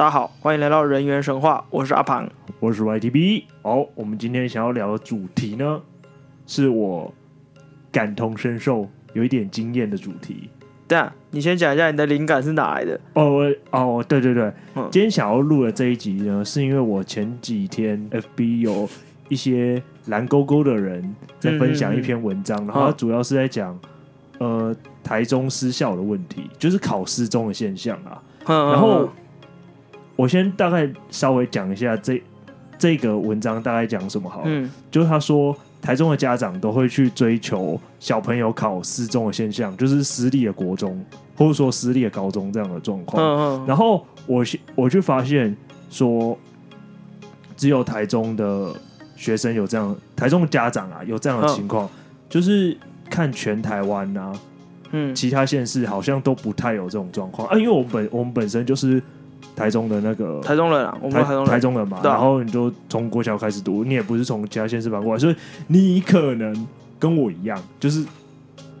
大家好，歡迎來到《人猿神話》，我是阿龐，我是 YTB、哦。好，我們今天想要聊的主題呢，是我感同身受、有一點經驗的主題。對啊，你先講一下你的靈感是哪來的？哦，哦，對對對，嗯、今天想要錄的這一集呢，是因為我前幾天 FB 有一些藍勾勾的人在分享一篇文章，嗯、然後他主要是在講、嗯、呃台中私校的問題，就是考私中的現象啊，嗯、然後。嗯我先大概稍微講一下這這個文章大概講什麼好，嗯，就是他說台中的家長都會去追求小朋友考私中的現象，就是私立的國中或者說私立的高中這樣的狀況，嗯嗯，然後我我就發現說，只有台中的學生有這樣，台中的家長啊有這樣的情況，就是看全台灣啊，嗯，其他縣市好像都不太有這種狀況啊，因為我們本我們本身就是。台中的那個，台中人，啊，我們台中人，人。台中人嘛，啊、然後你就從國小開始讀，你也不是從其他縣市搬過來，所以你可能跟我一樣，就是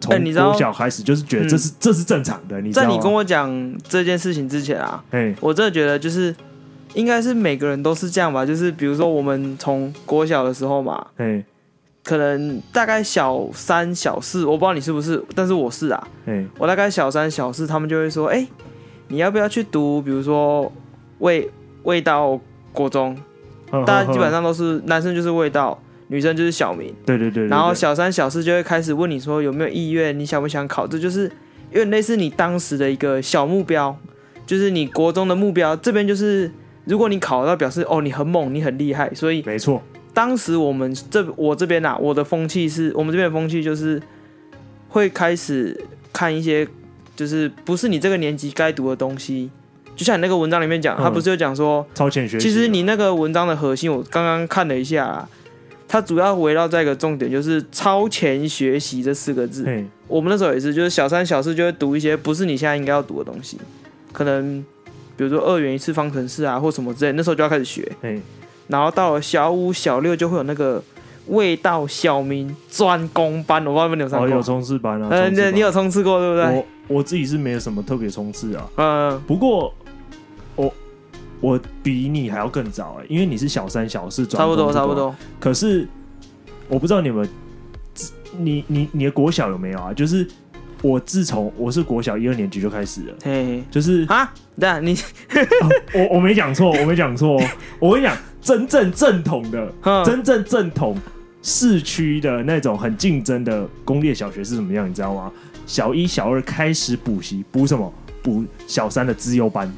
從、欸、國小開始，就是覺得這是、嗯、這是正常的。你在你跟我講這件事情之前啊，哎、欸，我真的覺得就是應該是每個人都是這樣吧，就是比如說我們從國小的時候嘛，哎、欸，可能大概小三小四，我不知道你是不是，但是我是啊，哎、欸，我大概小三小四，他們就會說，哎、欸。你要不要去讀？比如說，衛、衛道國中，大家基本上都是男生就是衛道，女生就是曉明。對對對，對對對。然後小三小四就會開始問你說有沒有意願，你想不想考？這就是因為類似你當時的一個小目標，就是你國中的目標。這邊就是，如果你考到，表示哦，你很猛，你很厲害。所以沒錯，當時我們這我這邊啊，我的風氣是我們這邊的風氣就是會開始看一些。就是不是你這個年級該讀的東西，就像你那個文章裡面講，他、嗯、不是有講說超前學習。其實你那個文章的核心，我剛剛看了一下、啊，它主要圍繞在一個重點，就是超前學習這四個字。我們那時候也是，就是小三、小四就會讀一些不是你現在應該要讀的東西，可能比如說二元一次方程式啊，或什麼之類，那時候就要開始學。然後到了小五、小六就會有那個味道小明專攻班，我不知道你們有上過、哦，有衝刺班啊？嗯、哎，你有衝刺過，對不對？我自己是沒有什麼特別衝刺啊，嗯，不過我我比你還要更早啊、欸，因為你是小三小四，轉工工，差不多差不多。可是我不知道有沒有，你你你的國小有沒有啊？就是我自從我是國小一二年級就開始了，嘿嘿，就是啊，對啊，你、 嗯、我我沒講錯，我沒講錯，我講錯 我跟你講，真正正統的，真正正統市區的那種很競爭的公立小學是什麼樣，你知道嗎？小一、小二開始補習，補什麼？補小三的資優班。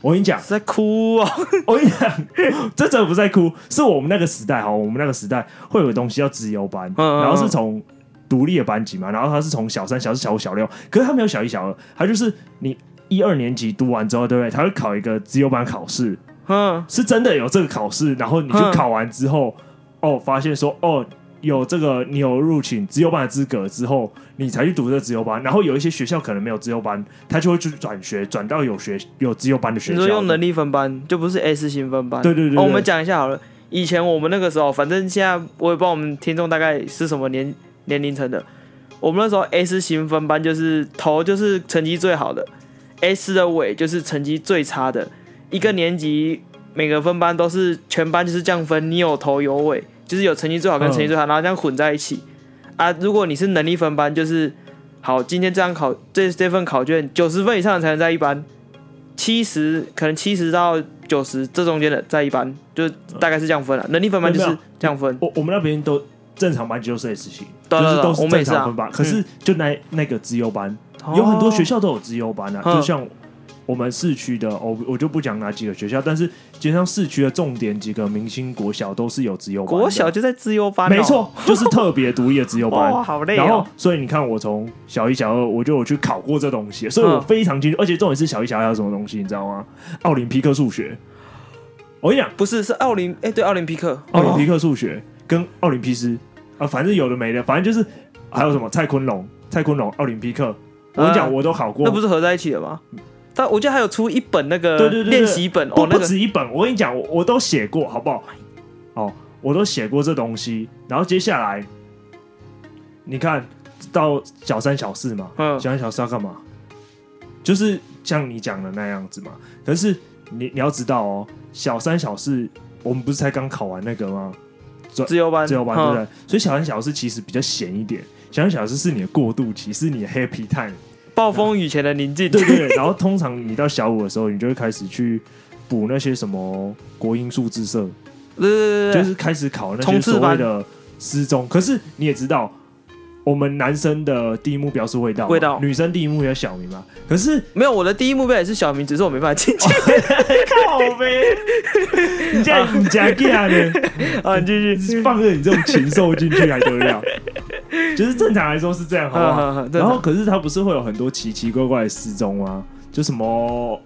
我跟你講，在哭啊、哦！ 我跟你講，這怎麼不在哭？是我們那個時代哈，我們那個時代會有個東西叫資優班，嗯嗯，然後是從獨立的班級嘛，然後他是從小三、小四、小五、小六，可是他沒有小一、小二，他就是你一二年級讀完之後，對不對？他會考一個資優班考試，嗯，是真的有這個考試，然後你就考完之後，嗯、哦，發現說，哦。有這個你有入取資優班的資格之後，你才去讀這個資優班。然後有一些學校可能沒有資優班，他就會去轉學，轉到有學有資優班的學校。你說用能力分班，就不是 S 型分班？對對對，對、哦。我們講一下好了。以前我們那個時候，反正現在我也不知道我們聽眾大概是什麼年年齡層的。我們那時候 S 型分班就是頭就是成績最好的，S 的尾就是成績最差的。一個年級每個分班都是全班就是降分，你有頭有尾。就是有成績最好跟成績最好、嗯，然後這樣混在一起啊！如果你是能力分班，就是好，今天這張考這這份考卷九十分以上才能在一班，七十可能七十到九十這中間的在一班，就大概是這樣分了。能力分班就是這樣分。我我們那邊都正常班就是這事情，就是都是正常分班。對對對，我們也是啊、可是就那、嗯、那個資優班，有很多學校都有資優班啊，哦、就像我。嗯我們市區的我就不講哪幾個學校，但是基本上市區的重點幾個明星國小都是有自由國小就在自由班、哦，沒錯，就是特別獨立的自由班。 哦、哇好累、哦、然後，所以你看，我從小一、小二，我就有去考過這東西，所以我非常清楚。嗯、而且重點是，小一、小二有什麼東西，你知道嗎？奧林匹克數學，我跟你講，不是是奧林，哎、欸，對，奧林匹克，奧林匹克數學跟奧林匹斯、哦、啊，反正有的沒的，反正就是、啊、還有什麼蔡坤龍、蔡坤龍奧林匹克，呃、我跟你講，我都考過，那不是合在一起的嗎？但我記得還有出一本那個練習本。對對對對，哦，那個、不止一本。我跟你講，我我都寫過，好不好？哦，我都寫過這東西。然後接下來，你看到小三小四嘛。嗯，小三小四要幹嘛？就是像你講的那樣子嘛。可是你你要知道哦，小三小四，我們不是才剛考完那個嗎？自由班，自由班、嗯，對不對？所以小三小四其實比較閒一點。小三小四是你的過渡期，是你的 Happy Time。暴風雨前的寧靜、嗯。對對，對， 然後通常你到小五的時候，你就會開始去補那些什麼國英數自社，就是開始考那些所謂的私中。可是你也知道，我們男生的第一目標是衛道，衛道；女生第一目標曉明嘛。可是沒有，我的第一目標也是曉明，只是我沒辦法進去。 靠北 你唄，你你這樣的，啊，就是、啊、放着你這種禽獸進去還得了？ 就是正常來說是這樣好不好，好、嗯、吧、嗯嗯？然後可是他不是會有很多奇奇怪怪的失蹤嗎、嗯？就什麼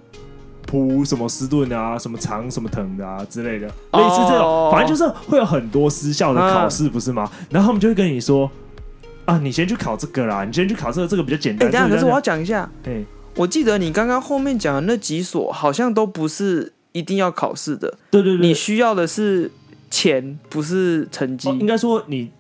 普什麼斯頓啊，什麼長什麼藤的啊之類的、哦，類似這種、哦。反正就是會有很多失效的考試、嗯，不是嗎？然後他們就會跟你說啊，你先去考這個啦，你先去考這個，這個比較簡單。欸、等下，可是我要講一下、欸。我記得你剛剛後面講的那幾所好像都不是一定要考試的。對，對對對，你需要的是錢，不是成績、哦。應該說你。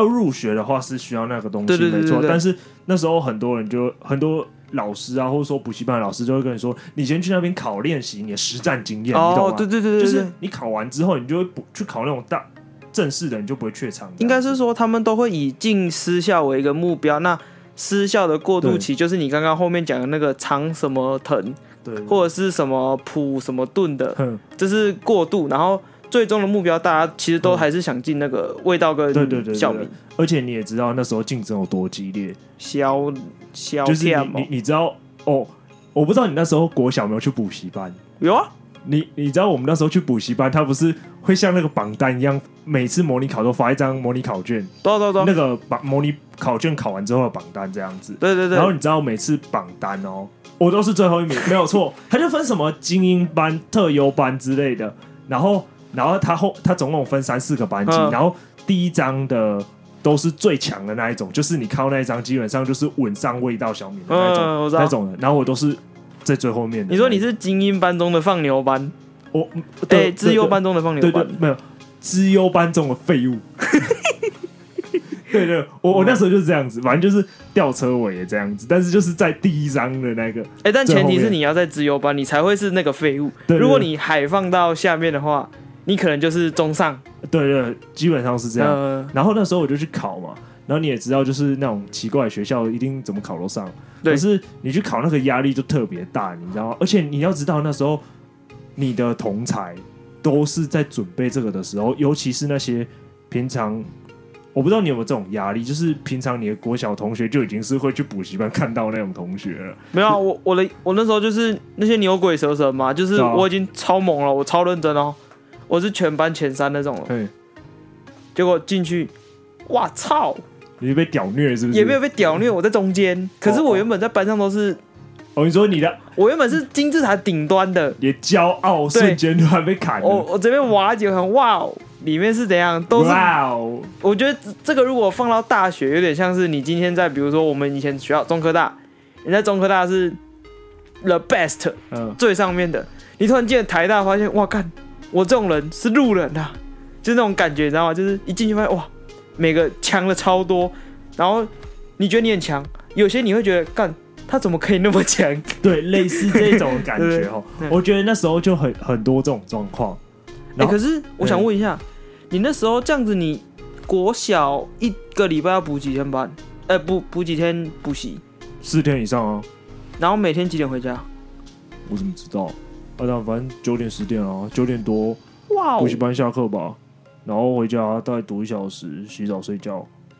要入學的話是需要那個東西，對對對對，沒錯。但是那時候很多人就很多老師啊，或者說補習班的老師就會跟你說，你先去那邊考練習你的實戰經驗。哦，你懂嗎？對，對對對，就是你考完之後，你就會不去考那種大正式的，你就不會怯場。應該是說他們都會以進私校為一個目標。那私校的過渡期就是你剛剛後面講的那個長什麼藤，對，或者是什麼普什麼盾的，嗯，就是過渡，然後，最終的目標，大家其實都還是想進那個味道跟小明，嗯。而且你也知道那時候競爭有多激烈，小小，就是你你知道哦，我不知道你那時候國小有沒有去補習班？有啊。你你知道我們那時候去補習班，他不是會像那個榜單一樣，每次模擬考都發一張模擬考卷？對對對，那個榜模擬考卷考完之後的榜單這樣子。對對對。然後你知道每次榜單哦，我都是最後一名， 沒有錯。他就分什麼精英班、特優班之類的，然後。然後他後他總共分三四個班級，嗯，然後第一張的都是最強的那一種，就是你靠那一張基本上就是穩上位到小米的那種、嗯、那種的，然後我都是在最後面的。你說你是精英班中的放牛班，我對，資、欸、優班中的放牛班，對對、對沒有資優班中的廢物。 對對，我我那時候就是這樣子，反正就是吊車尾也這樣子。但是就是在第一張的那個，哎、欸，但前提是你要在資優班，你才會是那個廢物對對。如果你海放到下面的話。你可能就是中上，對對，對，基本上是這樣、呃。然後那時候我就去考嘛，然後你也知道，就是那種奇怪的學校一定怎麼考都上對。可是你去考那個壓力就特別大，你知道嗎？而且你要知道那時候你的同才都是在準備這個的時候，尤其是那些平常我不知道你有沒有這種壓力，就是平常你的國小同學就已經是會去補習班看到那種同學了。沒有、啊，我我的我那時候就是那些牛鬼蛇神嘛，就是我已經超猛了，啊、我超認真哦。我是全班前三那種，對，結果進去，哇操！你被屌虐是不是？也沒有被屌虐，我在中間、哦。可是我原本在班上都是，我跟你說你的，我原本是金字塔頂端的，也驕傲瞬間都還被砍。我、哦、我這邊瓦解很哇哦，裡面是怎樣都是哇哦！我覺得這個如果放到大學，有點像是你今天在比如說我們以前學校中科大，你在中科大是 the best，嗯，最上面的，你突然進台大，發現哇幹！我這種人是路人啊，就是那種感覺，你知道嗎？就是一進去發現哇，每個強了超多，然後你覺得你很強，有些你會覺得幹他怎麼可以那麼強？對， 類似這種感覺哈。 我覺得那時候就很很多這種狀況。哎、欸，可是我想問一下，欸、你那時候這樣子，你國小一個禮拜要補幾天班？呃，補補幾天補習？四天以上啊。然後每天幾點回家？我怎麼知道？那、啊、反正九點十點啊，九點多，補、wow. 習班下課吧，然後回家再讀一小時，洗澡睡覺，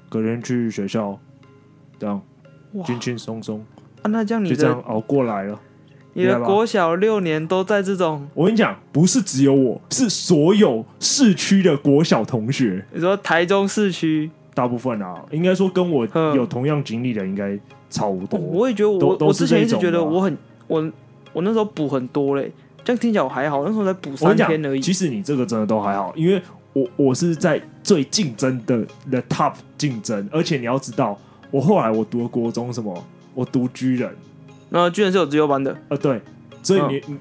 隔天去學校，這樣，輕輕鬆鬆。那這樣你就這樣熬過來了？你的國小六年都在這種？這種我跟你講，不是只有我，是所有市區的國小同學。你說台中市區大部分？啊，應該說跟我有同樣經歷的應該差不多。我也覺得，我我之前一直覺得我很我我那時候補很多嘞。這樣聽起來我還好，那時候才補三天而已。其實你這個真的都還好，因為我我是在最競爭的 the top 競爭，而且你要知道，我後來我讀了國中什麼，我讀巨人，那、呃、巨人是有資優班的，呃對，所以你、嗯、你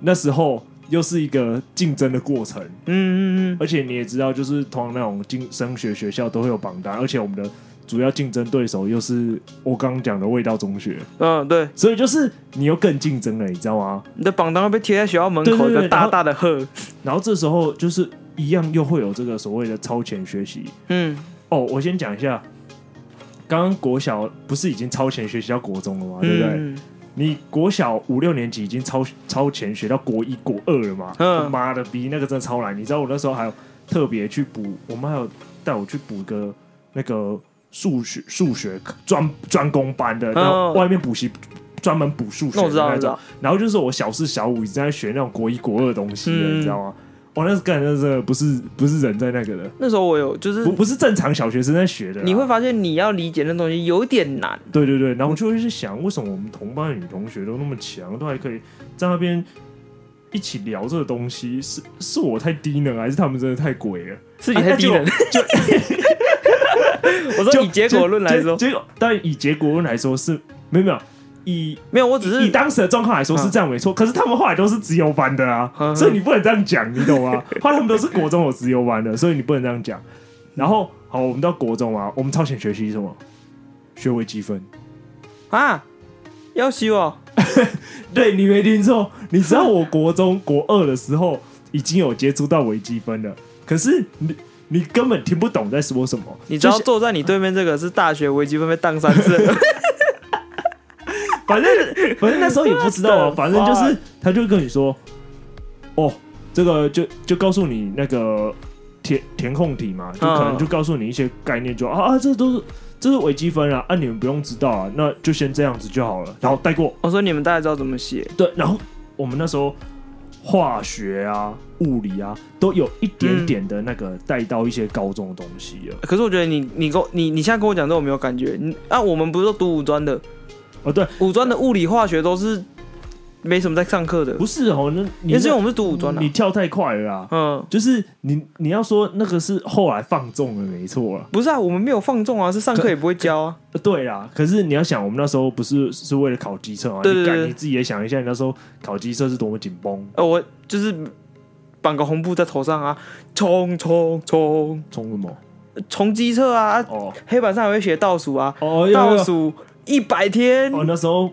那時候又是一個競爭的過程，嗯嗯嗯，而且你也知道，就是通常那種進升學學校都會有榜單，而且我們的。主要競爭對手又是我剛剛講的味道中學，嗯，對，所以就是你又更競爭了，你知道嗎？你的榜單被貼在學校門口對對對，一個大大的“賀”。然後這時候就是一樣又會有這個所謂的超前學習。嗯，哦，我先講一下，剛剛國小不是已經超前學習到國中了嘛、嗯？對不對？你國小五六年級已經超超前學到國一國二了嘛？嗯。媽的逼，那個真的超難。你知道我那時候還有特別去補，我媽還有帶我去補個那個。數學數學專專攻班的，然後外面補習專門補數學那種、哦，我知道，我知道，然後就是我小四小五一直在學那種國一國二的東西的，的、嗯，你知道嗎？我、哦、那是幹那是不是不是人在那個的。那時候我有就是不不是正常小學生在學的，你會發現你要理解那東西有點難。對對對，然後就會去想，為什麼我們同班的女同學都那麼強，都還可以在那邊一起聊這個東西？是是我太低能，還是他們真的太鬼了？是你太低能。就。就 我說以結果論來說，結果但以結果論來說是沒有沒有，以沒有我只是以，以當時的狀況來說是這樣沒錯，啊，可是他們後來都是資優班的啊，啊所以你不能這樣講，啊，你懂嗎？後 來他們都是國中有資優班的，所以你不能這樣講。然後好，我們到國中啊，我們超前學習什麼？學微積分啊？要哦。 對，你沒聽錯，你知道我國中國二的時候已經有接觸到微積分了，可是。你根本聽不懂在說什麼，你只要坐在你對面這個是大學微積分，被當三次。 反正， 反正 反正那時候也不知道啊，反正就是他就跟你說，哦，這個就就告訴你那個填填空題嘛，就可能就告訴你一些概念，就啊、嗯、啊，啊，這都是這是微積分啊，啊你們不用知道啊，那就先這樣子就好了，然後帶過。我說你們大概知道怎麼寫，對，然後我們那時候。化學啊，物理啊，都有一點點的那個帶到一些高中的東西了，嗯、可是我覺得你，你跟，你，你現在跟我講，這，我沒有感覺你。啊，我們不是都讀五專的？哦，對，五專的物理、化學都是。沒什麼在上課的，不是哦，那，那因，為是因為我們是讀五專的，你跳太快了啊。嗯，就是你你要說那個是後來放縱的沒錯啊。不是啊，我們沒有放縱啊，是上課也不會教啊。對啦，可是你要想，我們那時候不是是為了考基測啊？對，對，對，你敢，你自己也想一下，你那時候考基測是多麼緊繃。呃，我就是綁個紅布在頭上啊，衝衝衝衝什麼？衝基測啊！哦，黑板上還會寫倒數啊，哦，有有有倒數一百天。哦，那時候。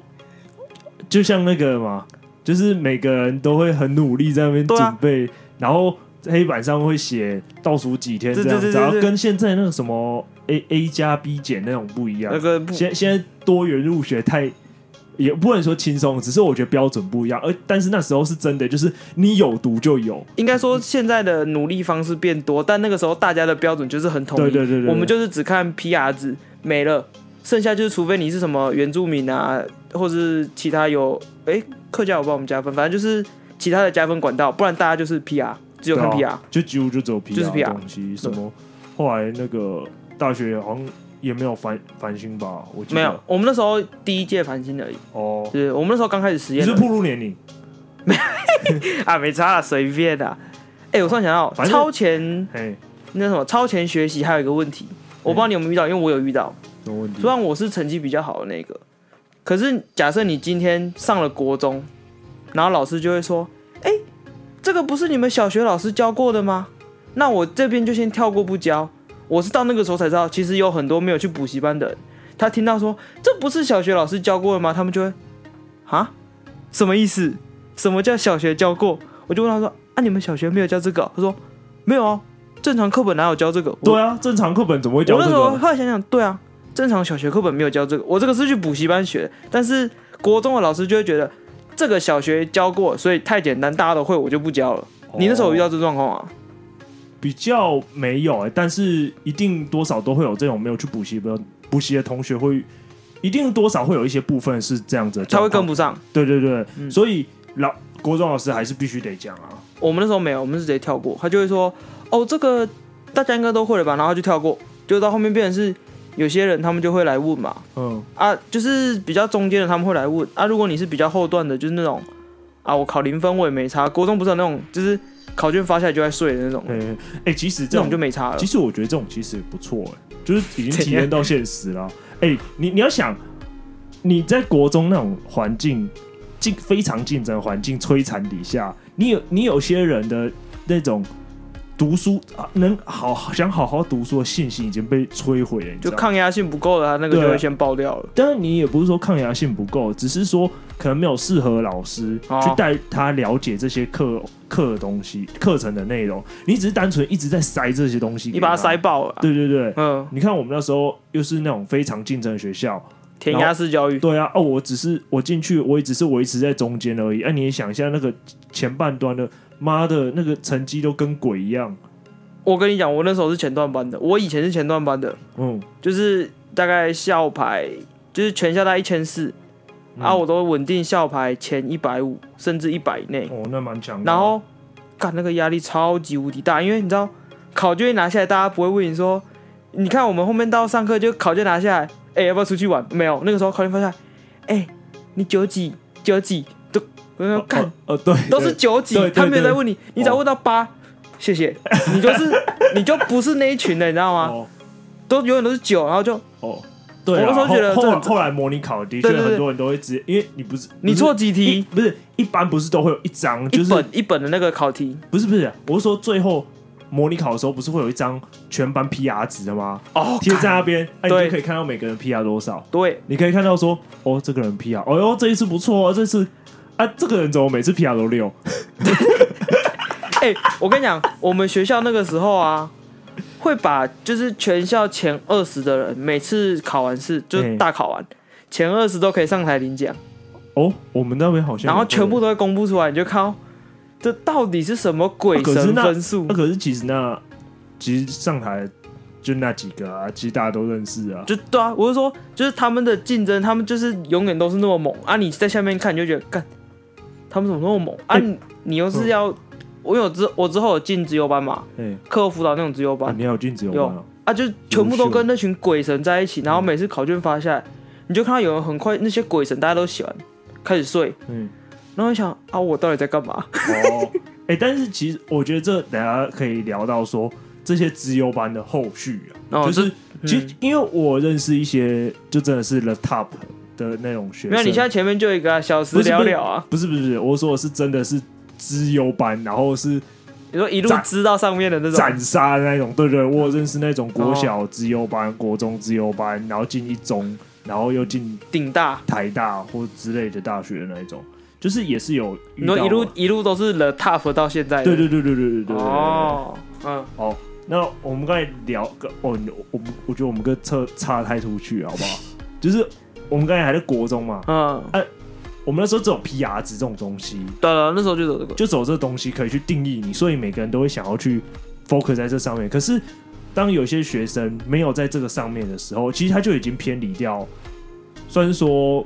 就像那個嘛，就是每個人都會很努力在那邊、啊、準備，然後黑板上會寫倒數幾天這樣，然後跟現在那個什麼 A A 加 B 減那種不一樣。那跟、個、現現在多元入學太也不能說輕鬆，只是我覺得標準不一樣。而但是那時候是真的，就是你有讀就有。應該說現在的努力方式變多，但那個時候大家的標準就是很統一。對對對,對對對對，我們就是只看 P R 值沒了，剩下就是除非你是什麼原住民啊。或是其他有誒，客家有幫我們加分，反正就是其他的加分管道，不然大家就是 P R，只有看 P R，、啊、就幾乎就只有 P R。東西什麼，後來那個大學好像也沒有繁、繁星吧，我沒有，我們那時候第一屆繁星而已。哦，對，我們那時候剛開始實驗，是步入年齡，沒 啊，沒差啦，隨便的。哎、欸，我突然想到，超前，那什麼超前學習，還有一個問題，我不知道你有沒有遇到，因為我有遇到。雖然我是成績比較好的那個。可是，假設你今天上了國中，然後老師就會說：“哎，這個不是你們小學老師教過的嗎？”那我這邊就先跳過不教。我是到那個時候才知道，其實有很多沒有去補習班的，他聽到說“這不是小學老師教過的嗎？”他們就會：“啊，什麼意思？什麼叫小學教過？”我就問他說：“啊，你們小學沒有教這個哦？”他說：“沒有啊、哦，正常課本哪有教這個？”對啊，正常課本怎麼會教這個？後來想想，對啊。正常小學課本沒有教這個，我這個是去補習班學的。但是國中的老師就會覺得這個小學教過，所以太簡單，大家都會，我就不教了。哦、你那時候遇到這狀況啊？比較沒有哎、欸，但是一定多少都會有這種沒有去補習的補習的同學會，會一定多少會有一些部分是這樣子的，他會跟不上。對對對，嗯、所以老國中老師還是必須得講啊。我們那時候沒有，我們是得跳過。他就會說：“哦，這個大家應該都會了吧？”然後就跳過，就到後面變成是。有些人他們就會來問嘛，嗯啊，就是比較中間的他們會來問啊。如果你是比較後段的，就是那種啊，我考零分我也沒差。國中不是那種就是考卷發下來就在睡的那種，嗯，哎，其實這種，那種就沒差了。其實我覺得這種其實也不錯哎、欸，就是已經體驗到現實了。哎、 欸，你你要想你在國中那種環境競非常競爭環境摧殘底下，你有你有些人的那種。讀書啊，能好想好好讀書的信心已經被摧毀了，就抗壓性不夠了，他那個就會先爆掉了。但是你也不是說抗壓性不夠，只是說可能沒有適合老師去帶他了解這些課課的東西、課程的內容。你只是單純一直在塞這些東西，你把它塞爆了。對對對，嗯，你看我們那時候又是那種非常競爭的學校。填鴨式教育，對啊，哦，我只是我進去，我也只是維持在中間而已。啊，你也想一下那個前半段的，媽的那個成績都跟鬼一樣。我跟你講，我那時候是前段班的，我以前是前段班的，嗯，就是大概校排就是全校大概一千四啊，我都穩定校排前一百五，甚至一百內。哦，那蠻強的。然後幹，那個壓力超級無敵大，因為你知道考卷拿下來，大家不會問你說，你看我們後面到上課就考卷拿下來。哎、欸，要不要出去玩？沒有，那個時候考前發現，哎、欸，你九幾九幾都，看哦，哦，對，都是九幾，他沒有在問你，你只要問到八、哦，謝謝，你就是， 你就不是那一群的，你知道嗎？哦、都永遠都是九，然後就，哦，對、啊，我那時候覺得後後來，後來模擬考的，的確很多人都會直接，因為你不是你做幾題，不是，一，不是一般不是都會有一張，就是一本一本的那個考題，不是不是、啊，我是說最後。模擬考的時候不是會有一張全班 P R 紙的嗎？哦，貼在那邊，哎、啊，你就可以看到每個人 P R 多少。對，你可以看到說，哦，這個人 P R，哦、哎、喲，這一次不錯哦，這一次，啊，這個人怎麼每次 P R 都六？哎，我跟你講， 我們學校那個時候啊，會把就是全校前二十的人，每次考完試就是大考完，欸、前二十都可以上台領獎。哦，我們那邊好像，然後全部都會公布出來，你就看。這到底是什麼鬼神分數？啊、可那、啊、可是其實那其實上台就那幾個啊，其實大家都認識啊。就對啊，我是說，就是他們的競爭，他們就是永遠都是那麼猛啊！你在下面看，你就覺得幹，他們怎麼那麼猛啊你、欸？你又是要、嗯、我有之，我之後有進資優班嘛？嗯、欸。課後輔導那種資優班，你有進資優班了啊？啊就全部都跟那群鬼神在一起，然後每次考卷發下來、嗯，你就看到有人很快，那些鬼神大家都喜歡開始睡，嗯。然後我想啊，我到底在幹嘛？哦，哎、欸，但是其實我覺得這等下可以聊到說這些資優班的後續啊，哦、就是、嗯、其實因為我認識一些，就真的是 the top 的那種學生。沒有，你現在前面就一個消失不了啊？不是不是，不是，不，是不是，我說的是真的是資優班，然後是你說一路資到上面的那種斬殺的那種，對對？我認識那種國小資優班、哦、國中資優班，然後進一中，然後又進頂大、台大或之類的大學的那一種。就是也是有，你說一路一路都是了 tough 到現在是是，對對，對對對對對對對哦，好嗯，哦，那我們剛才聊個，哦，我我們我覺得我們跟車差得太出去，好不好？ 就是我們剛才還在國中嘛，嗯，哎、啊，我們那時候走 PR 值這種東西，對啊，那時候就走這個，就走這東西可以去定義你，所以每個人都會想要去 focus 在這上面。可是當有些學生沒有在這個上面的時候，其實他就已經偏離掉，雖然說。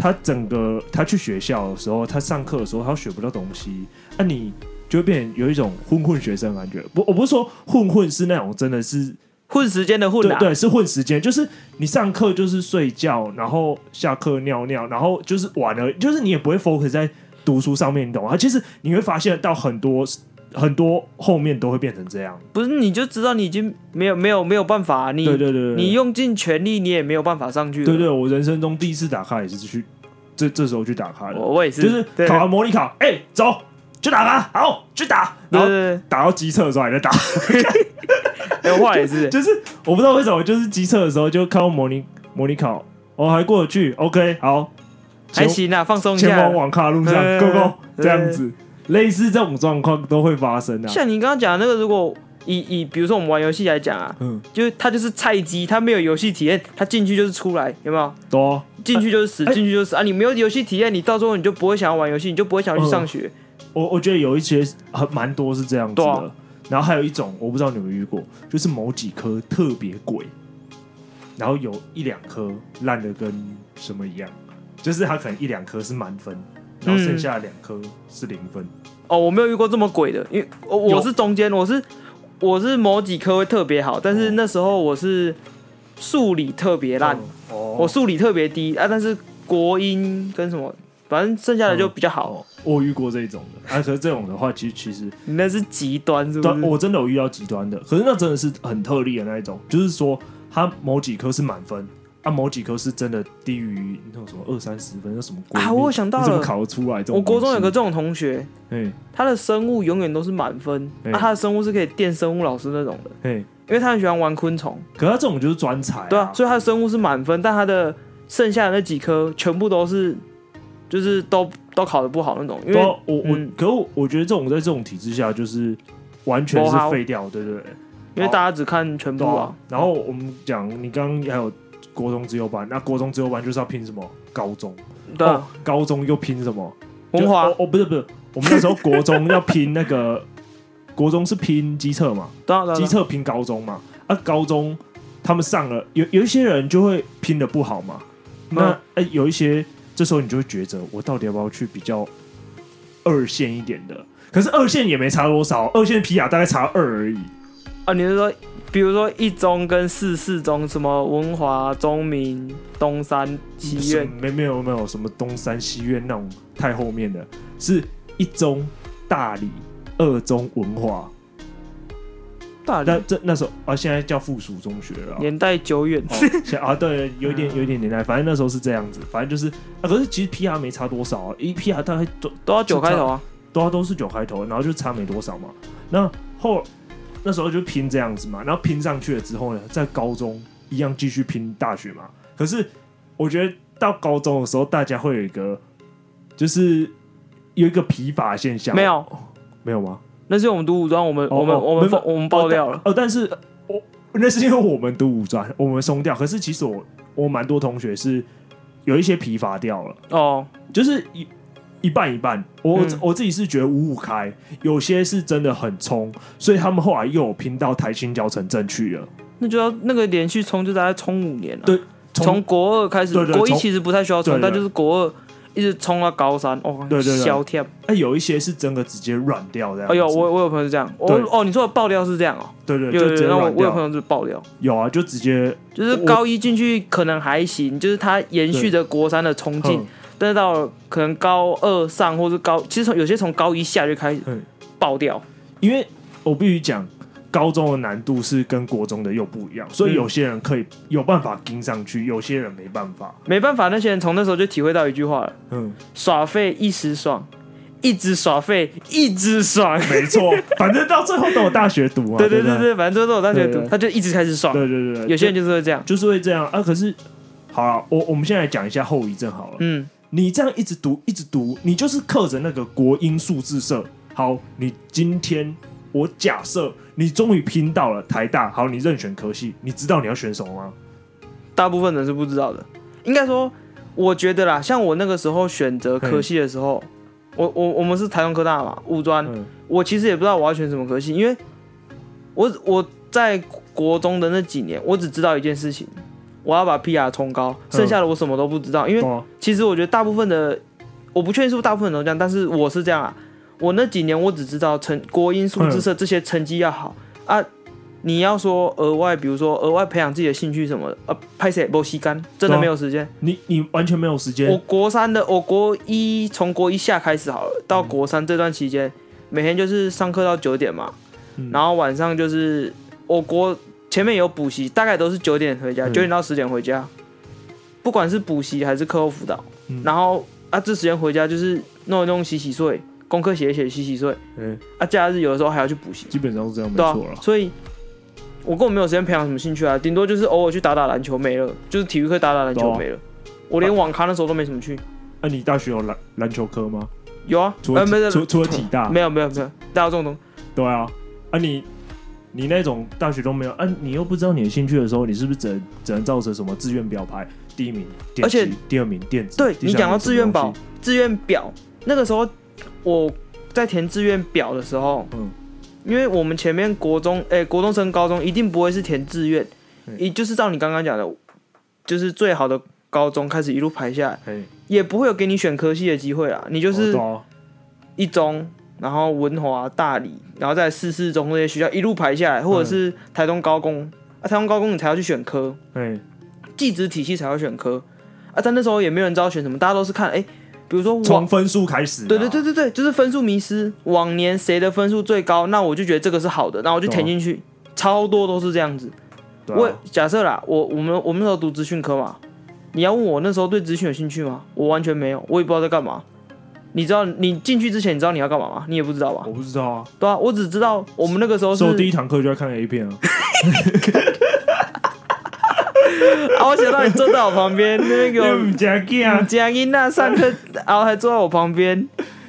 他整個他去學校的時候，他上課的時候他學不到東西，那、啊、你就會變有一種混混學生的感覺。不，我不是說混混是那種，真的是混時間的混、啊、對，對，是混時間，就是你上課就是睡覺，然後下課尿尿，然後就是玩了，就是你也不會 focus 在讀書上面，你懂啊？其實你會發現到很多。很多後面都會變成這樣，不是你就知道你已經沒有沒有沒有辦法、啊，你對對，對對對，你用盡全力你也沒有辦法上去。對，對對，我人生中第一次打卡也是去這這時候去打卡的我，我也是，就是考完模擬考，哎、欸，走，去打卡，好，去打，然後對對對對打到機測的時候還在打， 欸、我也是，就是我不知道為什麼，就是機測的時候就看考模擬模擬考，哦，還過得去，OK，好，還行啊，放鬆一下，前往網咖路上對對對對，Go Go，這樣子。對對對類似這種狀況都會發生的，啊，像你剛剛講的那個，如果以以比如說我們玩遊戲來講啊，嗯，就是他就是菜雞，他沒有遊戲體驗，他進去就是出來，有沒有？多進、啊、去就是死，進、呃、去就是死、呃、啊，你沒有遊戲體驗，你到時候你就不會想要玩遊戲，你就不會想要去上學。呃、我我覺得有一些很蠻、啊、多是這樣子的，啊、然後還有一種我不知道你們遇過，就是某幾科特別貴，然後有一兩科爛的跟什麼一樣，就是他可能一兩科是滿分，然後剩下兩科是零分。嗯嗯哦，我沒有遇過這麼鬼的，因為我是中間，我是我是某幾科會特別好，但是那時候我是數理特別爛，哦哦，我數理特別低啊，但是國英跟什麼，反正剩下的就比較好。哦哦，我遇過這種的，啊，可是這種的話，其實其實 你那是極端，是不是？我真的有遇到極端的，可是那真的是很特例的那一種，就是說他某幾科是滿分。啊，某幾科是真的低於那種什麼二三十分，那什麼啊？我有想到你怎麼考得出來這種？我國中有個這種同學，他的生物永遠都是滿分，啊、他的生物是可以電生物老師那種的，因為他很喜歡玩昆蟲。可他這種就是專才、啊，對啊，所以他的生物是滿分，但他的剩下的那幾科全部都是，就是都都考得不好那種。因為、啊、我我、嗯、可我我覺得這種在這種體制下，就是完全是廢掉，不對，對對。因為大家只看全部啊。啊。然後我們講，你剛剛還有。國中資優班，那國中資優班就是要拼什麼？高中。哦、高中又拼什麼？文華哦，哦，不是不是，我們那時候國中要拼那個 國中是拼基測嘛，基測拼高中嘛，啊，高中他們上了有有一些人就會拼得不好嘛，那誒有一些這時候你就會覺得我到底要不要去比較二線一點的？可是二線也沒差多少，二線 PR 大概差二而已。啊，你是說，比如說一中跟四四中，什麼文華、中明、東山、西苑、嗯，沒有沒有沒有什麼東山西苑那種太後面的，是一中、大理、二中、文華。大理那這那時候啊，現在叫附屬中學了，年代久遠、哦，啊，對，有一點有一點年代、嗯，反正那時候是這樣子，反正就是，啊、可是其實 P R 沒差多少啊，一 P R 它都都要九開頭啊，都要都是九開頭，然後就差沒多少嘛，那後。那時候就拼這樣子嘛，然後拼上去了之後呢，在高中一樣繼續拼大學嘛。可是我覺得到高中的時候，大家會有一個就是有一個疲乏現象。沒有、哦，沒有嗎？那是因為我們讀五專，我們、哦、我們、哦、我們、哦、我們我們爆掉了。哦，但、哦、但是我、呃哦、那是因為我們讀五專，我們鬆掉。可是其實我我蠻多同學是有一些疲乏掉了。哦，就是一。一半一半，我、嗯、我自己是覺得五五開，有些是真的很衝，所以他們後來又有拼到台清交成政去了。那就要那個連續衝，就大概衝五年了、啊。對，從國二開始對對對，國一其實不太需要衝，但就是國二一直衝到高三哦，對對對，對，消、欸、有一些是真的直接軟掉的。哎、哦、呦，我我有朋友是這樣，我哦，你說的爆料是這樣哦？對對，對，有那我我有朋友是爆料有啊，就直接就是高一進去可能還行，就是他延續着國三的衝勁。但是到可能高二上或是高，其實從有些從高一下，就開始爆掉，嗯、因為我必須講，高中的難度是跟國中的又不一樣，所以有些人可以有辦法跟上去，嗯，有些人沒辦法，沒辦法。那些人從那時候就體會到一句話，嗯、耍廢一時爽，一直耍廢一直爽，沒錯， 反正到最後都有大學讀啊，對對對對，對，對，對，對，對對對，反正都，都有大學讀，對對對，他就一直開始爽，對對對，有些人就是會這樣，就、就是會這樣啊。可是好了，我我們現在講一下後遺症好了，嗯。你這樣一直讀，一直讀，你就是刻着那個國英數自社。好，你今天，我假設你終於拼到了台大，好，你任選科系，你知道你要選什麼嗎？大部分人是不知道的。應該說，我覺得啦，像我那個時候選擇科系的時候，嗯、我我我們是台灣科大嘛，五專、嗯，我其實也不知道我要選什麼科系，因為我我在國中的那幾年，我只知道一件事情。我要把 PR 衝高，剩下的我什麼都不知道、嗯。因為其實我覺得大部分的，我不確定是不是大部分人都這樣，但是我是這樣啊。我那幾年我只知道成國英數自社這些成績要好、嗯、啊。你要說額外，比如說額外培養自己的興趣什麼的，呃、啊，抱歉，沒時間，真的沒有時間、啊。你你完全沒有時間。我國三的我國一從國一下開始好了，到國三這段期間、嗯，每天就是上課到九點嘛、嗯，然後晚上就是我國。前面有補習，大概都是九點回家，九點到十點回家，嗯、不管是補習還是課後輔導、嗯，然後啊這時間回家就是弄一弄洗洗睡，功課寫一寫洗洗睡，嗯、欸，啊假日有的時候還要去補習，基本上是這樣，對啊，沒錯啦，所以，我根本沒有時間培養什麼興趣啊，頂多就是偶爾去打打籃球沒了，就是體育課打打籃球、啊、沒了，我連網咖那時候都沒什麼去。那、啊、你大學有籃籃球課嗎？有啊，除了、啊啊、除，除了體大，沒有沒有沒有，沒有大到這種東。對啊，啊你。你那種大學都沒有，嗯、啊，你又不知道你的興趣的時候，你是不是只能只能造成什麼志願表排第一名電，而且，第二名，電子。對。你講到志願表，志願表那個時候，我在填志願表的時候，嗯，因為我們前面國中，哎、欸，國中升高中一定不會是填志願、嗯，也就是照你剛剛講的，就是最好的高中開始一路排下來，也不會有給你選科系的機會啊，你就是一中。哦然後文華、大理，然後在四四中那些學校一路排下來，或者是台東高工、嗯、啊，台東高工你才要去選科，嗯，技職體系才要選科啊，但那時候也沒有人知道選什麼，大家都是看哎、欸，比如說從分數開始、啊，對對對對對，就是分數迷思，往年誰的分數最高，那我就覺得這個是好的，那我就填進去，哦、超多都是這樣子。啊、我假設啦，我我們我們那時候讀資訊科嘛，你要問我那時候對資訊有興趣嗎？我完全沒有，我也不知道在幹嘛。你知道你進去之前你知道你要幹嘛嗎？你也不知道吧？我不知道啊，對啊，我只知道我們那個時候是，是，是我第一堂課就在看 A 片了 啊。哈哈哈哈哈哈！我想讓你坐在我旁邊，那個江江一那上課然後、啊、還坐在我旁邊，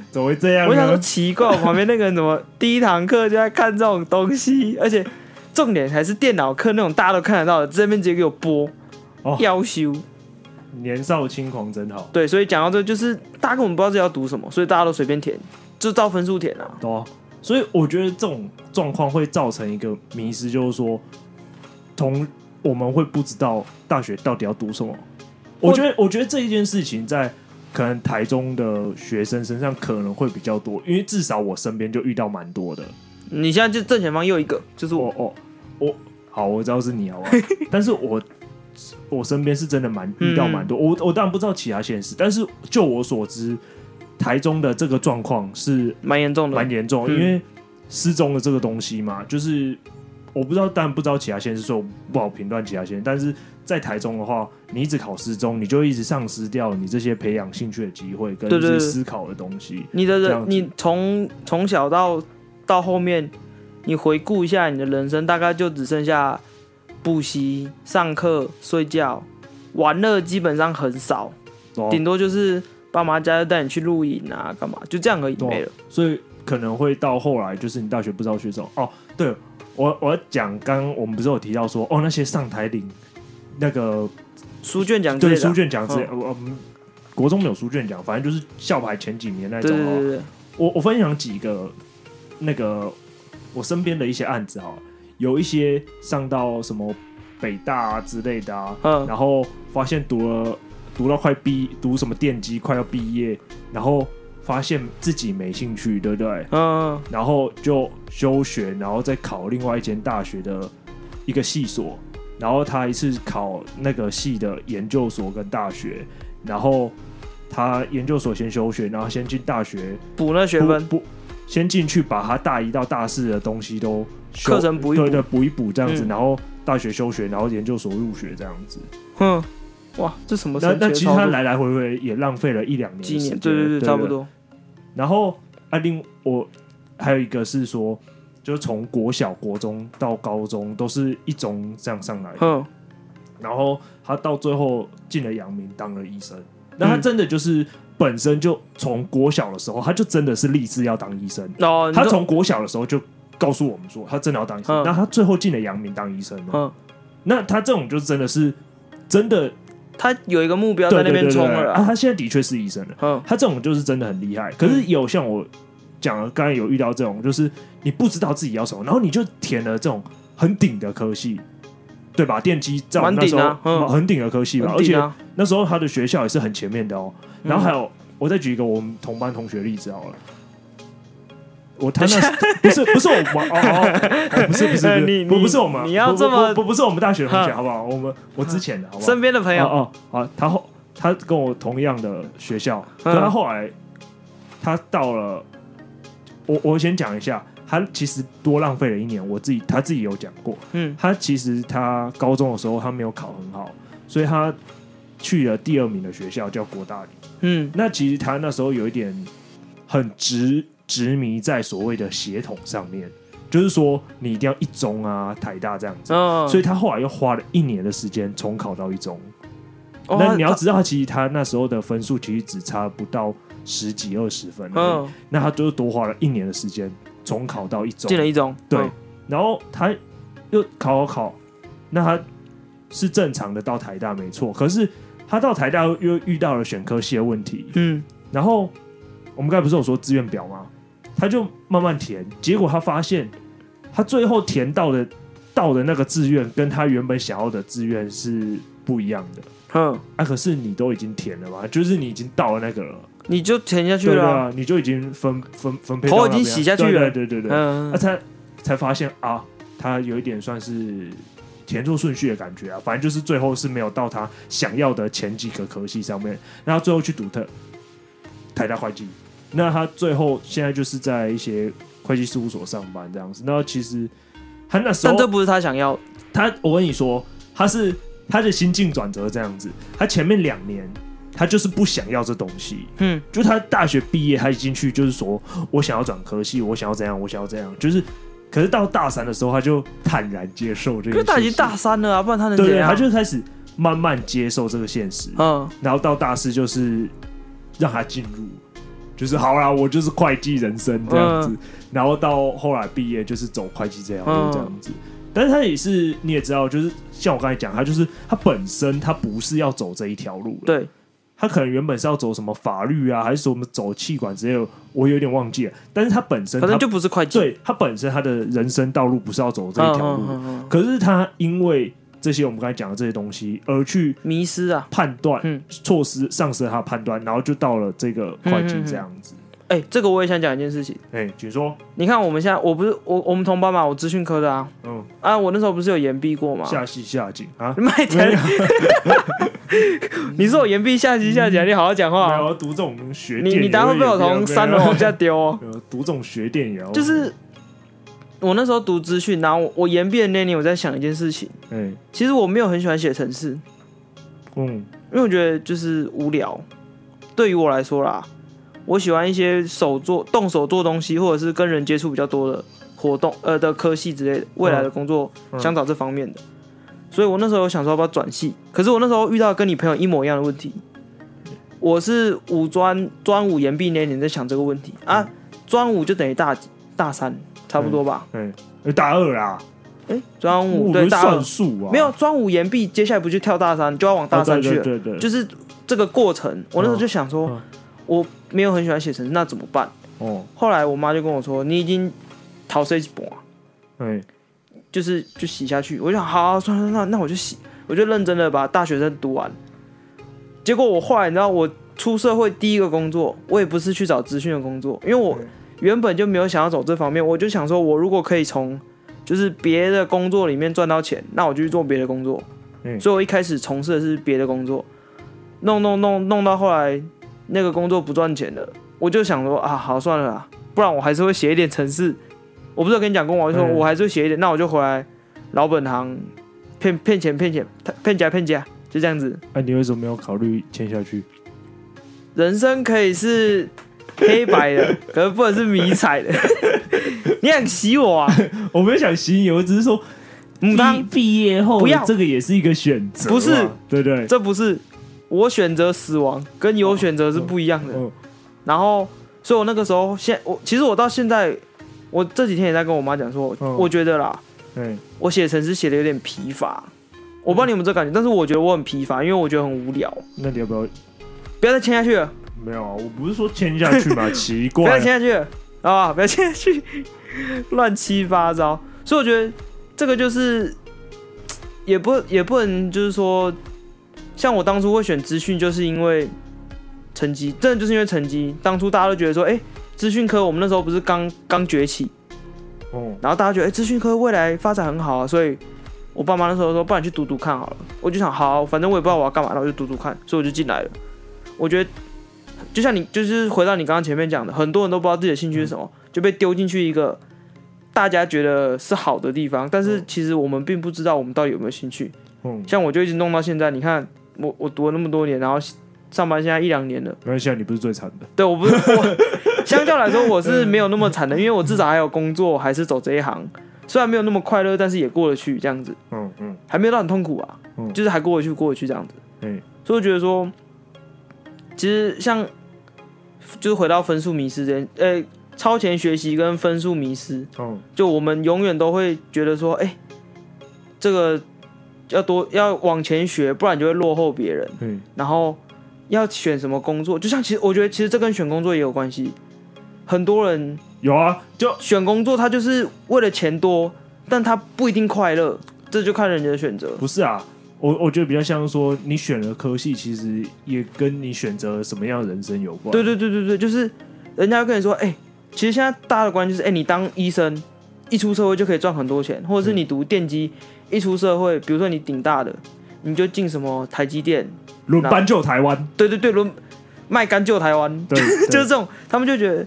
怎麼會這樣？我想說奇怪，我旁邊那個人怎麼第一堂課就在看這種東西？而且重點還是電腦課那種大家都看得到的，這邊直接給我播，夭、哦、壽。年少輕狂真好。對，所以講到這，就是大家根本不知道自己要讀什麼，所以大家都隨便填，就照分數填啊。對啊，所以我覺得這種狀況會造成一個迷思，就是說，從我們會不知道大學到底要讀什麼。我覺得，我，我覺得這一件事情在可能台中的學生身上可能會比較多，因為至少我身邊就遇到蠻多的。你現在就正前方又一個，就是我，哦，我好，我知道是你好不好， 但是我。我身邊是真的蠻遇到蠻多，嗯、我我當然不知道其他現實，但是就我所知，台中的這個狀況是蠻嚴重的，蠻嚴重，因為私中的這個東西嘛、嗯，就是我不知道，當然不知道其他現實，所以我不好評斷其他現實。但是在台中的話，你一直考私中，你就一直喪失掉你這些培養興趣的機會跟一些思考的東西。對對對，你的人，你從從小到到後面，你回顧一下你的人生，大概就只剩下。補習、上課、睡覺、玩樂基本上很少，哦、頂多就是爸媽家要帶你去露營啊，幹嘛，就這樣而已沒了、哦。所以可能會到後來，就是你大學不知道學什麼哦。對，我我講，剛剛我們不是有提到說，哦，那些上台領那個書卷獎，對，對書卷獎是，我我們國中沒有書卷獎，反正就是校牌前幾年那種。對對對對哦、我我分享幾個那個我身邊的一些案子哈。有一些上到什麼北大，啊，之類的啊，嗯，然後發現讀了讀到快畢讀什麼電機快要畢業，然後發現自己沒興趣，對不對？嗯，然後就休學，然後再考另外一間大學的一個系所，然後他一次考那個系的研究所跟大學，然後他研究所先休學，然後先進大學補了學分，補，補先進去把他大一到大四的東西都，課程補一補，對對對補一補這樣子，嗯，然後大學休學，然後研究所入學，這樣子。嗯，哇，這什麼？但但其實他來來回回也浪費了一兩年的時間，對對對、對、對、對、對，差不多。然後啊，另我還有一個是說，就是從國小、國中到高中都是一中這樣上來的。嗯。然後他到最後進了陽明，當了醫生。那他真的就是、嗯、本身就從國小的時候，他就真的是立志要當醫生、哦。他從國小的時候就。告訴我們說他真的要當醫生，嗯、那他最後進了陽明當醫生了。嗯，那他這種就是真的是真的、嗯對對對對對，他有一個目標在那邊衝了啊。他現在的確是醫生了，嗯，他這種就是真的很厲害。可是有像我講，剛才有遇到這種，就是你不知道自己要什麼，然後你就填了這種很頂的科系，對吧？電機在那時候滿頂、啊嗯、很頂的科系、啊、而且那時候他的學校也是很前面的哦、喔。然後還有、嗯，我再舉一個我們同班同學的例子好了。我談的 不是不是我玩哦，不是不是不是、呃、你你不是我們，你要這麼不不、嗯、不是我們大學同學好不好？我們我之前的好，好身邊的朋友哦，哦，好，他後他跟我同樣的學校、嗯，但他後來他到了，我我先講一下，他其實多浪費了一年，我自己他自己有講過，嗯，他其實他高中的時候他沒有考很好，所以他去了第二名的學校叫國大理，嗯，那其實他那時候有一點很直。執迷在所謂的血統上面，就是說你一定要一中啊、台大這樣子，所以他後來又花了一年的時間重考到一中。那你要知道，他其實他那時候的分數其實只差不到十幾二十分，那他就多花了一年的時間重考到一中，進了一中，對。然後他又考考考，那他是正常的到台大沒錯，可是他到台大又遇到了選科系的問題，嗯。然後我們剛才不是有說志願表嗎？他就慢慢填，結果他發現，他最後填到的，到的那個志願跟他原本想要的志願是不一樣的。嗯，啊，可是你都已經填了嘛，就是你已經到了那個了，你就填下去了，對啊，你就已經分分分配到、啊、頭已經洗下去了，對對對，對，對，嗯，嗯，嗯，啊才，才才發現啊，他有一點算是填錯順序的感覺啊，反正就是最後是沒有到他想要的前幾個科系上面，然後最後去讀他，台大環境。那他最後現在就是在一些會計事務所上班這樣子。那其實他那時候他，但這不是他想要。他我跟你說，他是他的心境轉折這樣子。他前面兩年，他就是不想要這東西。嗯，就他大學畢業，他一進去就是說我想要轉科系，我想要怎樣，我想要怎樣。就是，可是到大三的時候，他就坦然接受這個。可是他已經大三了啊，不然他能怎樣？對，他就開始慢慢接受這個現實。嗯，然後到大四就是讓他進入。就是好啦，我就是會計人生這樣子，嗯啊，然後到後來畢業就是走會計這樣子，嗯啊、這樣子。但是他也是你也知道，就是像我剛才講，他就是他本身他不是要走這一條路，對，他可能原本是要走什麼法律啊，還是說我們走氣管之類的，我有點忘記了。但是他本身他就不是會計，對，他本身他的人生道路不是要走這一條路，嗯啊、可是他因為。這些我們剛才講的這些東西，而去迷失啊，判斷、嗯、措施喪失了他判斷，然後就到了這個環境這樣子。哎、嗯欸，這個我也想講一件事情。哎、欸，請說。你看我們現在，我不是我我們同班嘛，我資訊科的啊。嗯。啊，我那時候不是有延畢過嗎？下戲下井啊，你媽、啊 嗯！你說我延畢下戲下井、啊，你好好講話。我要讀這種學店，你你待會被我從、嗯、三樓往下丟哦。讀這種學店也要。就是。我那時候讀資訊，然後我，我延畢的那年，我在想一件事情。嗯、欸，其實我沒有很喜歡寫程式。嗯，因為我覺得就是無聊。對於我來說啦，我喜歡一些手做、動手做東西，或者是跟人接觸比較多的活動，呃的科系之類的。未來的工作、嗯、想找這方面的，所以我那時候有想說要不要轉系。可是我那時候遇到跟你朋友一模一樣的問題，我是五專專五延畢那年在想這個問題啊，專、嗯、五就等於大大三。差不多吧，對對欸、大二、欸、啊。哎，專五算數沒有專五延畢，接下來不就跳大三，就要往大三去了，啊、對，對，對對，就是這個過程。我那時候就想說，啊、我沒有很喜歡寫程式，那怎麼辦？哦，後來我媽就跟我說，你已經逃稅一半，就是就洗下去。我就想，好、啊，算了算那那我就洗，我就認真的把大學生讀完。結果我後來，你知道，我出社會第一個工作，我也不是去找資訊的工作，因為我。原本就沒有想要走這方面，我就想說，我如果可以從就是別的工作裡面賺到錢，那我就去做別的工作。嗯。所以我一開始從事的是別的工作，弄弄弄弄到後來那個工作不賺錢了，我就想說啊，好算了啦，不然我還是會寫一點程式。我不是有跟你講過，我就說我還是會寫一點。嗯，那我就回來老本行，騙騙錢，騙錢，騙假，騙假，就這樣子。啊，你為什麼沒有考慮簽下去？人生可以是。黑白的， 可能不能是迷彩的。 你想洗我，啊？ 我沒有想洗你，我只是說，你畢業後不要這個也是一個選擇，不是？不對，對對，這不是我選擇死亡，跟有選擇是不一樣的，哦哦哦。然後，所以我那個時候，現我其實我到現在，我這幾天也在跟我媽講說，哦，我覺得啦，欸，我寫程式寫的有點疲乏。嗯，我不知道你們這感覺，但是我覺得我很疲乏，因為我覺得很無聊。那你要不要？不要再簽下去。了？沒有啊，我不是說簽下去嘛。 奇怪，不要簽下去啊！不要簽下去，亂 七八糟。所以我覺得這個就是也不也不能，就是說像我當初會選資訊，就是因為成績，真的就是因為成績。當初大家都覺得說，哎、欸，資訊科我們那時候不是剛剛崛起，哦，然後大家覺得哎，欸、資訊科未來發展很好啊，所以我爸媽那時候說，不然去讀讀看好了。我就想，好、啊，反正我也不知道我要幹嘛，然後就讀讀看，所以我就進來了。我覺得。就像你，就是回到你剛剛前面講的，很多人都不知道自己的興趣是什麼，嗯，就被丟進去一個大家覺得是好的地方，但是其實我們並不知道我們到底有沒有興趣。嗯，像我就一直弄到現在，你看我我讀了那麼多年，然後上班現在一兩年了。沒關係，你不是最慘的。對，我不是，我相較來說我是沒有那麼慘的， 因為我至少還有工作，還是走這一行，雖然沒有那麼快樂，但是也過得去這樣子。嗯嗯，還沒有到很痛苦啊，嗯，就是還過得去，過得去這樣子。嗯，所以我覺得說。其實像，就是回到分數迷失這，呃、欸，超前學習跟分數迷失、嗯，就我們永遠都會覺得說，哎、欸，這個要多要往前學，不然你就會落後別人。嗯，然後要選什麼工作，就像其實我覺得，其實這跟選工作也有關係。很多人有啊，就選工作，他就是為了錢多，但他不一定快樂，這就看人家的選擇。不是啊。我我覺得比較像說，你選了科系，其實也跟你選擇什麼樣的人生有關。對對對對對，就是人家會跟你說，哎、欸，其實現在大的觀念就是，哎、欸，你當醫生，一出社會就可以賺很多錢，或者是你讀電機、嗯，一出社會，比如說你頂大的，你就進什麼台積電，輪班救台灣。對對對，輪賣肝救台灣，對對 就是這種，他們就覺得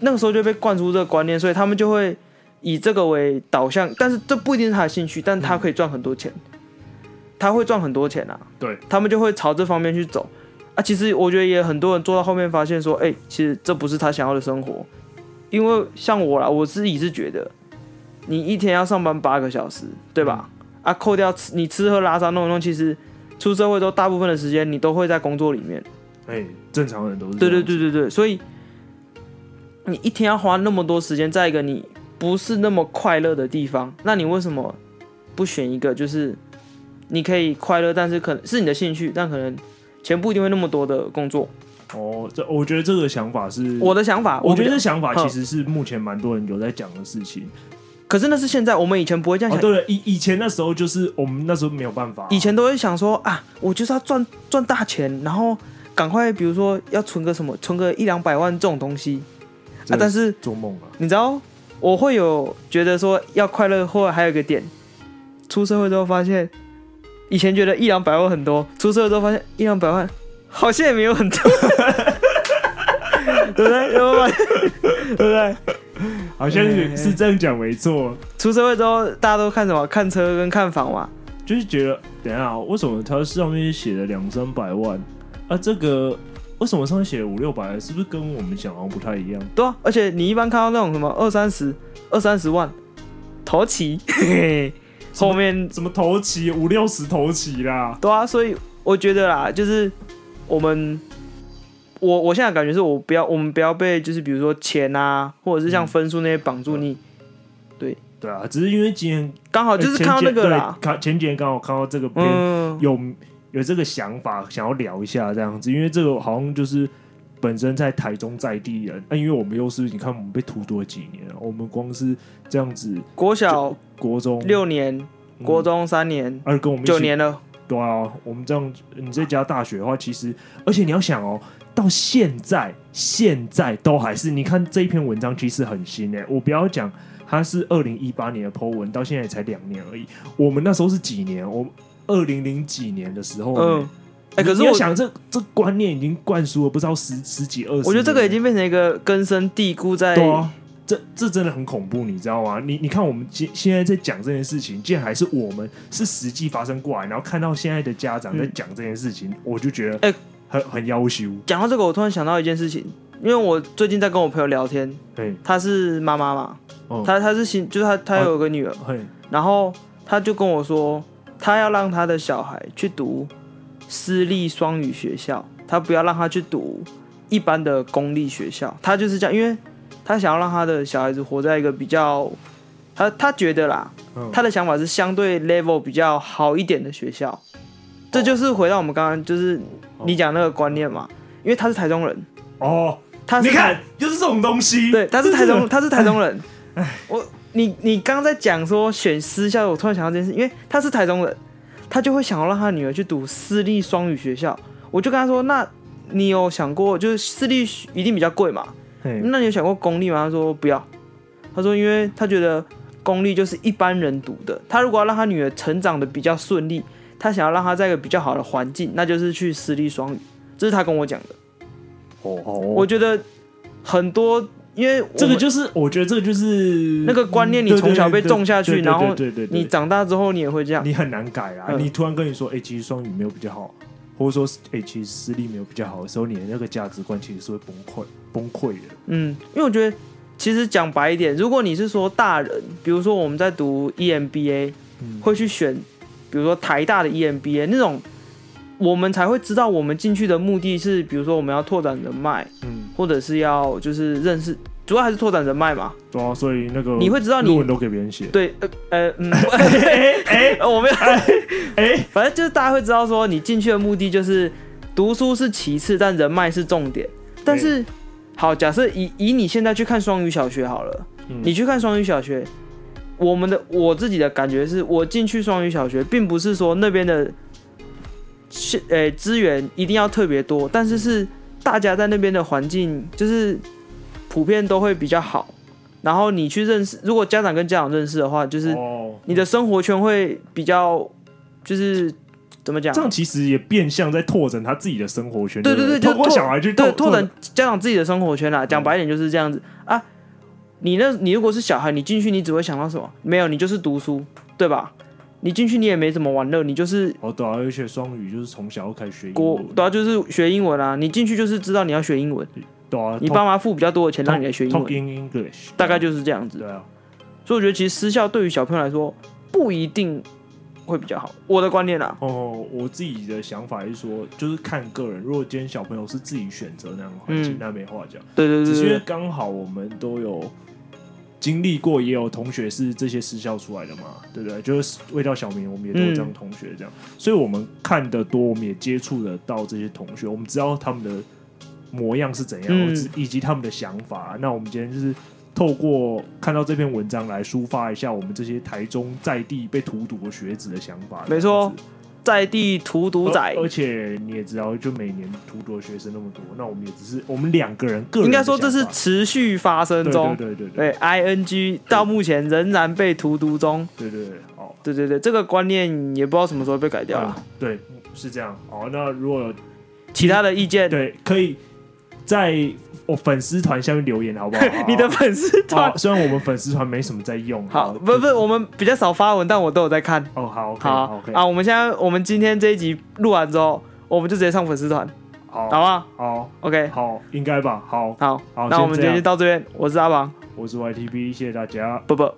那個時候就被灌輸這個觀念，所以他們就會以這個為導向，但是這不一定是他的興趣，但是他可以賺很多錢。嗯他會賺很多錢啊！對，他們就會朝這方面去走啊。其實我覺得也很多人做到後面發現說，哎，其實這不是他想要的生活。因為像我啦，我自己是覺得，你一天要上班八個小時，對吧？嗯、啊，扣掉吃你吃喝拉撒弄弄，其實出社會都大部分的時間你都會在工作裡面。哎，正常人都是。對對對對對，所以你一天要花那麼多時間，在一個你不是那麼快樂的地方，那你為什麼不選一個就是？你可以快樂，但是可能是你的興趣，但可能錢不一定會那麼多的工作。哦，這我覺得這個想法是我的想法。我，我覺得這個想法其實是目前蠻多人有在講的事情。可是那是現在，我們以前不會這樣想。哦、對了，以以前那時候就是我們那時候沒有辦法、啊。以前都會想說啊，我就是要賺賺大錢，然後趕快，比如說要存個什麼，存個一兩百萬這種東西啊。但是做夢啊，你知道，我會有覺得說要快樂，或者還有一個點，出社會之後發現。以前覺得一兩百萬很多，出社會之後發現一兩百萬好像也沒有很多， 對不對？因為，對不對？好像是是這樣講沒錯，欸欸。出社會之後大家都看什麼？看車跟看房嘛。就是覺得等一下，喔，為什麼他上面寫了兩三百萬啊？這個為什麼上面寫五六百？是不是跟我們想的不太一樣？對啊，而且你一般看到那種什麼二三十、二三十萬，頭期。嘿嘿 什後面什麼頭期？五六十頭期啦？對啊，所以我覺得啦，就是我們我我現在感覺是我不要我們不要被就是比如說錢啊，或者是像分數那些綁住你。嗯、對對啊，只是因為今天剛好就是看到那個啦，前，前幾天剛好看到這個片，嗯、有有這個想法，想要聊一下這樣子，因為這個好像就是本身在台中在地人，那、啊、因為我們又是你看我們被拖多幾年，我們光是這樣子國小。國中六年，國中三年，二、嗯啊、跟我們九年了。對啊，我們這樣，你再加大學的話，其實，而且你要想哦，到現在現在都還是，你看這一篇文章其實很新誒、欸。我不要講，它是二零一八年的 PO 文，到現在才兩年而已。我們那時候是幾年？我二零零幾年的時候、欸，嗯，哎、欸，可是我想這，這這觀念已經灌輸了不知道十十幾二十，我覺得這個已經變成一個根深蒂固在對、啊。這這真的很恐怖，你知道嗎？你你看，我們現現在在講這件事情，竟然還是我們是實際發生過來，然後看到現在的家長在講這件事情，嗯、我就覺得，哎、欸，很很夭壽。講到這個，我突然想到一件事情，因為我最近在跟我朋友聊天，對，她是媽媽嘛，哦，她她是新，就是她她有個女兒、哦嘿，然後她就跟我說，她要讓她的小孩去讀私立雙語學校，她不要讓她去讀一般的公立學校，她就是這樣，因為。他想要讓他的小孩子活在一個比較，他他覺得啦，他的想法是相對 level 比較好一點的學校。這就是回到我們剛剛，就是你講那個觀念嘛，因為他是台中人哦。他你看，就是這種東西。對，他是台中，是他是台中人。我你你剛剛在講說選私校，我突然想到這件事，因為他是台中人，他就會想要讓他女兒去讀私立雙語學校。我就跟他說：“那你有想過，就是私立一定比較貴嘛？”那你有想過公立嗎？他說不要。他說，因為他覺得公立就是一般人讀的。他如果要讓他女兒成長得比較順利，他想要讓他在一個比較好的環境，嗯、那就是去私立雙語。這是他跟我講的。哦，哦我覺得很多，因為這個就是，我覺得這個就是那個觀念，你從小被種下去，然後對對你長大之後你也會這樣。你很難改啊！嗯、你突然跟你說，哎、欸，其實雙語沒有比較好，或者說是、欸、其實私立沒有比較好的時候，你的那個價值觀其實是會崩潰。崩潰了。嗯，因為我覺得，其實講白一點，如果你是說大人，比如說我們在讀 EMBA，、嗯、會去選，比如說台大的 EMBA 那種，我們才會知道我們進去的目的是，比如說我們要拓展人脈，嗯，或者是要就是認識，主要還是拓展人脈嘛。對啊，所以那個你會知道你論文都給別人寫。對，呃，呃嗯，哎 哎、欸欸，我沒有，哎、欸欸，反正就是大家會知道說你進去的目的就是、欸、讀書是其次，但人脈是重點，但是。欸好，假設以以你現在去看雙語小學好了，嗯、你去看雙語小學，我們的我自己的感覺是，我進去雙語小學，並不是說那邊的，呃資源一定要特別多，但是是大家在那邊的環境就是普遍都會比較好，然後你去認識，如果家長跟家長認識的話，就是你的生活圈會比較就是。怎麼講、啊？這樣其實也變相在拓展他自己的生活圈。對對對，通過小孩去拓。拓展家長自己的生活圈啦、啊。講、嗯、白一點就是這樣子啊。你那，你如果是小孩，你進去你只會想到什麼？沒有，你就是讀書，對吧？你進去你也沒怎麼玩樂，你就是、哦。對啊，而且雙語就是從小要開始學英。英國，懂了、啊。就是學英文啦、啊，你進去就是知道你要學英文。對，對啊。你爸媽付比較多的錢讓你來學英文。Talk, talk in English, 大概就是這樣子。對，對啊。所以我覺得，其實私校對於小朋友來說不一定。會比較好，我的觀念啦、啊。哦，我自己的想法是說，就是看個人。如果今天小朋友是自己選擇那樣的環境，那、嗯、沒話講。嗯、對，對對對，只是因為剛好我們都有經歷過，也有同學是這些私校出來的嘛，對不對？就是味道小明，我們也都有這樣同學這樣、嗯，所以我們看得多，我們也接觸得到這些同學，我們知道他們的模樣是怎樣，嗯、以及他們的想法。那我們今天就是。透過看到這篇文章來抒發一下我們這些台中在地被荼毒的學子的想法。沒錯，在地荼毒仔、嗯而，而且你也知道，就每年荼毒的學生那麼多，那我們也只是我們兩個人個人。應該說，這是持續發生中，對對對對，對,對,對，ing 對到目前仍然被荼毒中。對對對哦，對對對，這個觀念也不知道什麼時候被改掉了、啊嗯。對，是這樣。好、哦，那如果有其他的意見，對，可以。在我粉絲團下面留言好不好？ 你的粉絲團 雖然我們粉絲團沒什麼在用，好，好不不，我們比較少發文，但我都有在看。哦，好好、okay, 好，好好 okay. 啊，我們現在我們今天這一集錄完之後，我們就直接上粉絲團，好，好吧？好，OK，好，應該吧？好好好，好，那我們今天就到這邊，我是阿王，我是 YTP，謝謝大家，不不。